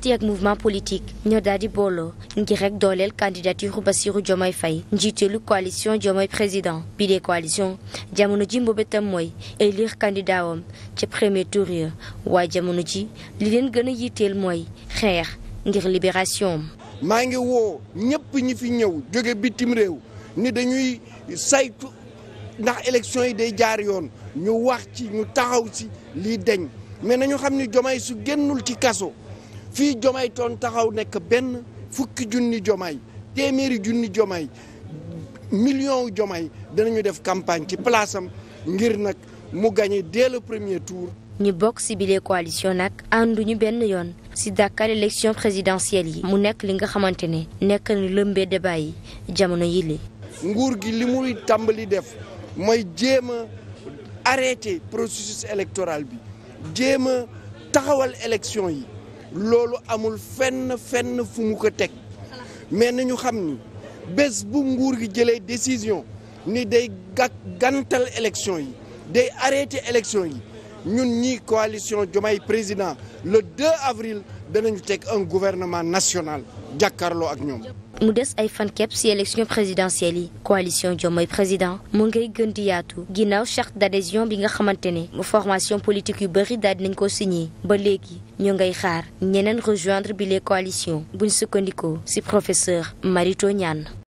parti ak mouvement politique ñoo daal di booloo ngir rek dooleel candidature Bassirou Diomaye Faye njiiteelu coalition Diomaye président bi des coalition jamono ji mbëbëtam mooy élire candidat wam ca premier tour ya waaye jamono ji li leen gën a yitteel mooy xeex ngir libération maa ngi woo ñëpp ñi fi ñëw jóge bitim réew ni dañuy saytu ndax élection yi day jaar yoon ñu wax ci ñu taxaw ci lii deñ mais nañu xam ni Diomaye su génnul ci kaso fii Jomaay ton taxaw nekk benn fukki junni Jomaay téeméeri junni Jomaay million Jomaay danañu def campagne ci place ngir nag mu gagné dès le premier tour. ñu bokk ci bile coalition nag ànduñu benn yoon ci dàkkal élection présidentielle yi. mu nekk li nga xamante ne nekk na lëmbee débat yi jamono yile. nguur gi li muy tàmbali def mooy jéem a arrêté processus électoral bi jéem a taxawal élection yi. loolu amul fenn fenn fu mu ko teg mais nañu xam ni bés bu nguur gi jëlee décision ni day gàk gantal élection yi day arrêté élection yi ñun ñi coalition Diomaye Président le 2 avril danañu teg un gouvernement national jàkkaarloo ak ñoom mu des ay fan képp ci élection présidentielle yi coalition Diomaye président mu ngay gën di yaatu ginnaaw charte d'adhésion bi nga xamante ne formation politique yu bëri daal dinañ ko signé ba léegi ñoo ngay xaar ñeneen rejoindre bi les coalitions buñ sukkandikoo ci professeur Mary Teuw Niane